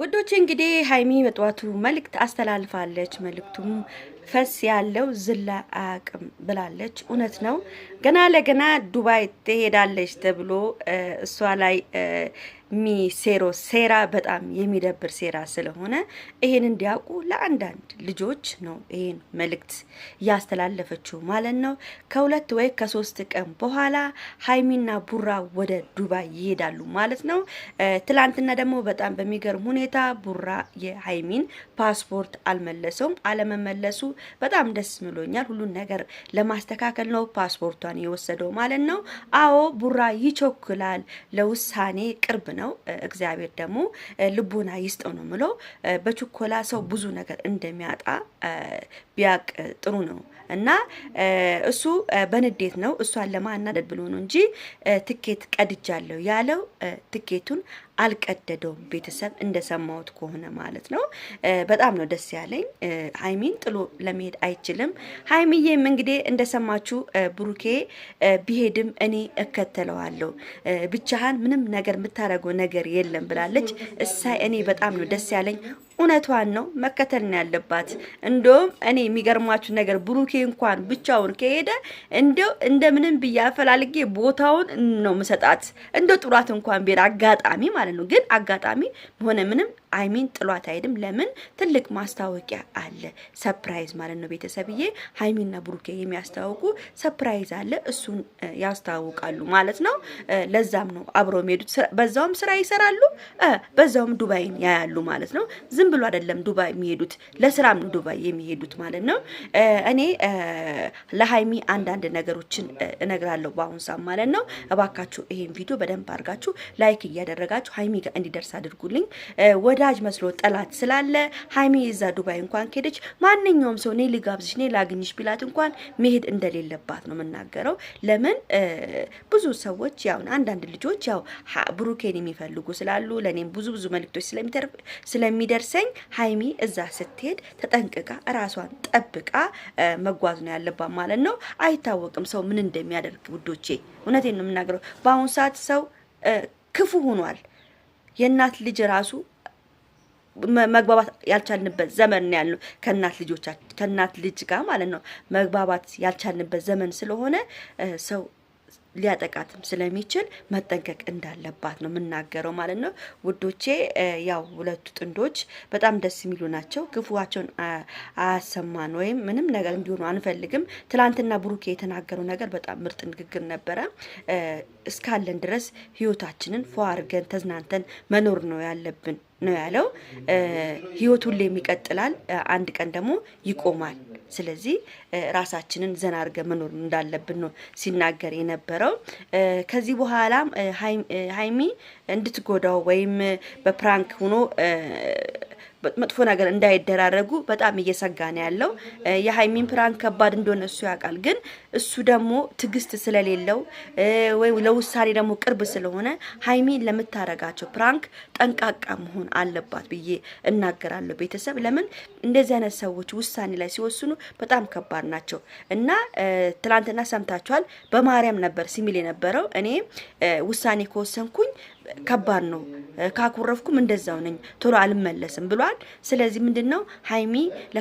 ውዶች እንግዲህ ሀይሚ በጠዋቱ መልእክት አስተላልፋለች። መልእክቱም ፈስ ያለው ዝላ አያውቅም ብላለች። እውነት ነው። ገና ለገና ዱባይ ትሄዳለች ተብሎ እሷ ላይ ሚሴሮ ሴራ በጣም የሚደብር ሴራ ስለሆነ ይሄን እንዲያውቁ ለአንዳንድ ልጆች ነው ይሄን መልእክት ያስተላለፈችው ማለት ነው። ከሁለት ወይ ከሶስት ቀን በኋላ ሀይሚና ቡራ ወደ ዱባይ ይሄዳሉ ማለት ነው። ትላንትና ደግሞ በጣም በሚገርም ሁኔታ ቡራ የሀይሚን ፓስፖርት አልመለሰውም። አለመመለሱ በጣም ደስ ምሎኛል ሁሉን ነገር ለማስተካከል ነው ፓስፖርቷን የወሰደው ማለት ነው። አዎ ቡራ ይቸኩላል፣ ለውሳኔ ቅርብ ነው። እግዚአብሔር ደግሞ ልቦና ይስጠው ነው ምለው። በችኮላ ሰው ብዙ ነገር እንደሚያጣ ቢያቅ ጥሩ ነው እና እሱ በንዴት ነው እሷን ለማናደድ ብሎ ነው እንጂ ትኬት ቀድጃለሁ ያለው ትኬቱን አልቀደደውም። ቤተሰብ እንደሰማሁት ከሆነ ማለት ነው። በጣም ነው ደስ ያለኝ። ሀይሚን ጥሎ ለመሄድ አይችልም። ሀይሚዬም እንግዲህ እንደሰማችሁ ብሩኬ ቢሄድም እኔ እከተለዋለሁ፣ ብቻህን ምንም ነገር የምታደርገው ነገር የለም ብላለች። እሳይ እኔ በጣም ነው ደስ ያለኝ። እውነቷን ነው መከተል ነው ያለባት። እንደውም እኔ የሚገርማችሁ ነገር ብሩኬ እንኳን ብቻውን ከሄደ እንደው እንደምንም ብዬ አፈላልጌ ቦታውን ነው ምሰጣት። እንደው ጥሯት እንኳን ቤት አጋጣሚ ማለት ነው። ግን አጋጣሚ ሆነ ምንም አይሚን ጥሏት አይሄድም። ለምን ትልቅ ማስታወቂያ አለ፣ ሰፕራይዝ ማለት ነው። ቤተሰብዬ ሀይሚና ብሩኬ የሚያስተዋውቁ ሰፕራይዝ አለ፣ እሱን ያስተዋውቃሉ ማለት ነው። ለዛም ነው አብረው የሚሄዱት። በዛውም ስራ ይሰራሉ፣ በዛውም ዱባይን ያያሉ ማለት ነው። ዝም ብሎ አይደለም ዱባይ የሚሄዱት፣ ለስራም ነው ዱባይ የሚሄዱት ማለት ነው። እኔ ለሀይሚ አንዳንድ ነገሮችን እነግራለሁ በአሁን ሰዓት ማለት ነው። እባካችሁ ይሄን ቪዲዮ በደንብ አድርጋችሁ ላይክ እያደረጋችሁ ሀይሚ ጋር እንዲደርስ አድርጉልኝ። ወዳጅ መስሎ ጠላት ስላለ ሀይሚ የዛ ዱባይ እንኳን ከሄደች ማንኛውም ሰው እኔ ልጋብዝሽ፣ እኔ ላግኝሽ ቢላት እንኳን መሄድ እንደሌለባት ነው የምናገረው። ለምን ብዙ ሰዎች ያው አንዳንድ ልጆች ያው ብሩኬን የሚፈልጉ ስላሉ ለእኔም ብዙ ብዙ መልክቶች ስለሚደርሰኝ ሀይሚ እዛ ስትሄድ ተጠንቅቃ ራሷን ጠብቃ መጓዝ ነው ያለባት ማለት ነው። አይታወቅም ሰው ምን እንደሚያደርግ ውዶቼ፣ እውነቴን ነው የምናገረው። በአሁኑ ሰዓት ሰው ክፉ ሆኗል። የእናት ልጅ ራሱ መግባባት ያልቻልንበት ዘመን ነው ያለው። ከእናት ልጆቻችን ከእናት ልጅ ጋር ማለት ነው መግባባት ያልቻልንበት ዘመን ስለሆነ ሰው ሊያጠቃትም ስለሚችል መጠንቀቅ እንዳለባት ነው የምናገረው ማለት ነው። ውዶቼ ያው ሁለቱ ጥንዶች በጣም ደስ የሚሉ ናቸው። ክፉዋቸውን አያሰማን ወይም ምንም ነገር እንዲሆኑ አንፈልግም። ትናንትና ብሩኬ የተናገረው ነገር በጣም ምርጥ ንግግር ነበረ። እስካለን ድረስ ህይወታችንን ፏ አድርገን ተዝናንተን መኖር ነው ያለብን። ነው ያለው። ህይወት ሁሌም ይቀጥላል፣ አንድ ቀን ደግሞ ይቆማል። ስለዚህ ራሳችንን ዘና አድርገን መኖር እንዳለብን ነው ሲናገር የነበረው። ከዚህ በኋላም ሀይሚ እንድትጎዳው ወይም በፕራንክ ሆኖ መጥፎ ነገር እንዳይደራረጉ በጣም እየሰጋ ነው ያለው። የሀይሚን ፕራንክ ከባድ እንደሆነ እሱ ያውቃል። ግን እሱ ደግሞ ትግስት ስለሌለው ወይም ለውሳኔ ደግሞ ቅርብ ስለሆነ ሀይሚን ለምታረጋቸው ፕራንክ ጠንቃቃ መሆን አለባት ብዬ እናገራለሁ። ቤተሰብ ለምን እንደዚህ አይነት ሰዎች ውሳኔ ላይ ሲወስኑ በጣም ከባድ ናቸው እና ትላንትና ሰምታችኋል። በማርያም ነበር ሲሚል የነበረው እኔ ውሳኔ ከወሰንኩኝ ከባድ ነው ካኩረፍኩም እንደዛው ነኝ ቶሎ አልመለስም ብሏል። ስለዚህ ምንድን ነው ሀይሚ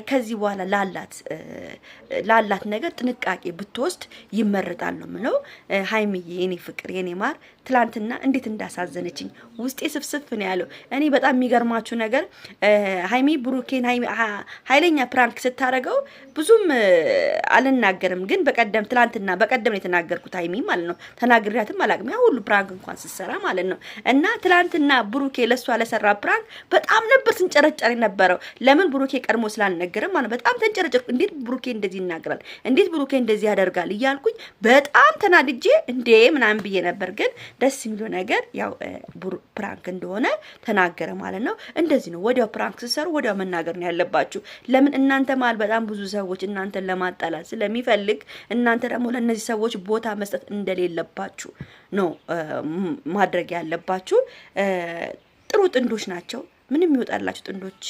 ከዚህ በኋላ ላላት ላላት ነገር ጥንቃቄ ብትወስድ ይመረጣል ነው ምለው። ሀይሚ የኔ ፍቅር የኔ ማር ትላንትና እንዴት እንዳሳዘነችኝ ውስጤ ስፍስፍ ነው ያለው። እኔ በጣም የሚገርማችሁ ነገር ሀይሚ ብሩኬን ሀይለኛ ፕራንክ ስታደርገው ብዙም አልናገርም፣ ግን በቀደም ትላንትና በቀደም ነው የተናገርኩት ሀይሚ ማለት ነው ተናግሪያትም አላቅም ያ ሁሉ ፕራንክ እንኳን ስትሰራ ማለት ነው እና ትላንትና ብሩኬ ለእሷ ለሰራ ፕራንክ በጣም ነበር ስንጨረጨር የነበረው። ለምን ብሩኬ ቀድሞ ስላልነገረን ማለት በጣም ተንጨረጨርኩ። እንዴት ብሩኬ እንደዚህ ይናገራል? እንዴት ብሩኬ እንደዚህ ያደርጋል? እያልኩኝ በጣም ተናድጄ እንዴ ምናምን ብዬ ነበር። ግን ደስ የሚለው ነገር ያው ፕራንክ እንደሆነ ተናገረ ማለት ነው። እንደዚህ ነው። ወዲያው ፕራንክ ስሰሩ ወዲያው መናገር ነው ያለባችሁ። ለምን እናንተ መሀል በጣም ብዙ ሰዎች እናንተን ለማጣላት ስለሚፈልግ እናንተ ደግሞ ለእነዚህ ሰዎች ቦታ መስጠት እንደሌለባችሁ ነው ማድረግ ያለባ ያለባችሁ ጥሩ ጥንዶች ናቸው። ምንም ይወጣላችሁ ጥንዶች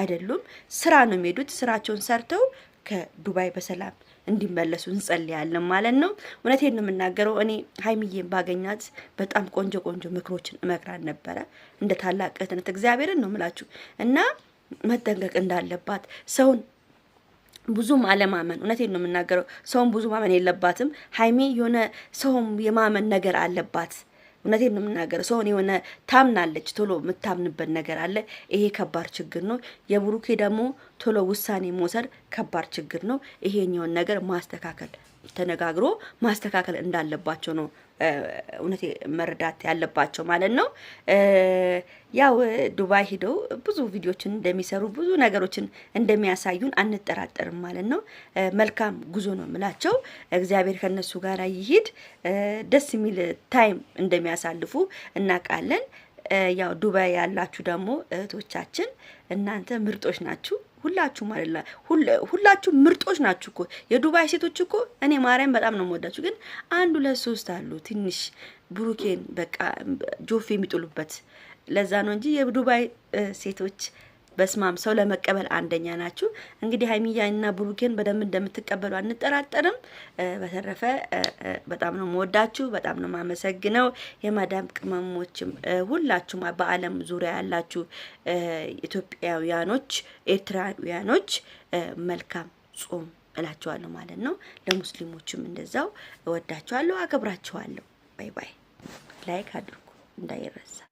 አይደሉም። ስራ ነው የሚሄዱት። ስራቸውን ሰርተው ከዱባይ በሰላም እንዲመለሱ እንጸልያለን ማለት ነው። እውነቴን ነው የምናገረው። እኔ ሀይሚዬን ባገኛት በጣም ቆንጆ ቆንጆ ምክሮችን እመክራን ነበረ። እንደ ታላቅ እህትነት እግዚአብሔርን ነው ምላችሁ እና መጠንቀቅ እንዳለባት ሰውን ብዙ አለማመን እውነቴን ነው የምናገረው። ሰውን ብዙ ማመን የለባትም ሀይሜ የሆነ ሰውም የማመን ነገር አለባት። እውነት የምናገር የምናገረው። የሆነ ታምናለች ቶሎ የምታምንበት ነገር አለ። ይሄ ከባድ ችግር ነው። የብሩኬ ደግሞ ቶሎ ውሳኔ መውሰድ ከባድ ችግር ነው። ይሄኛውን ነገር ማስተካከል ተነጋግሮ ማስተካከል እንዳለባቸው ነው እውነቴ መረዳት ያለባቸው ማለት ነው። ያው ዱባይ ሂደው ብዙ ቪዲዮችን እንደሚሰሩ ብዙ ነገሮችን እንደሚያሳዩን አንጠራጠርም ማለት ነው። መልካም ጉዞ ነው የምላቸው። እግዚአብሔር ከነሱ ጋር ይሂድ። ደስ የሚል ታይም እንደሚያሳልፉ እናውቃለን። ያው ዱባይ ያላችሁ ደግሞ እህቶቻችን እናንተ ምርጦች ናችሁ። ሁላችሁ ማለላ ሁላችሁ ምርጦች ናችሁ እኮ የዱባይ ሴቶች እኮ እኔ ማርያም በጣም ነው የምወዳችሁ። ግን አንዱ ለሶስት ሶስት አሉ ትንሽ ብሩኬን በቃ ጆፌ የሚጥሉበት ለዛ ነው እንጂ የዱባይ ሴቶች በስማም ሰው ለመቀበል አንደኛ ናችሁ። እንግዲህ ሀይሚያ እና ብሩኬን በደንብ እንደምትቀበሉ አንጠራጠርም። በተረፈ በጣም ነው መወዳችሁ፣ በጣም ነው ማመሰግነው። የማዳም ቅመሞችም ሁላችሁም በዓለም ዙሪያ ያላችሁ ኢትዮጵያውያኖች፣ ኤርትራውያኖች መልካም ጾም እላችኋለሁ ማለት ነው። ለሙስሊሞችም እንደዛው እወዳችኋለሁ፣ አከብራችኋለሁ። ባይ ባይ። ላይክ አድርጉ እንዳይረሳ።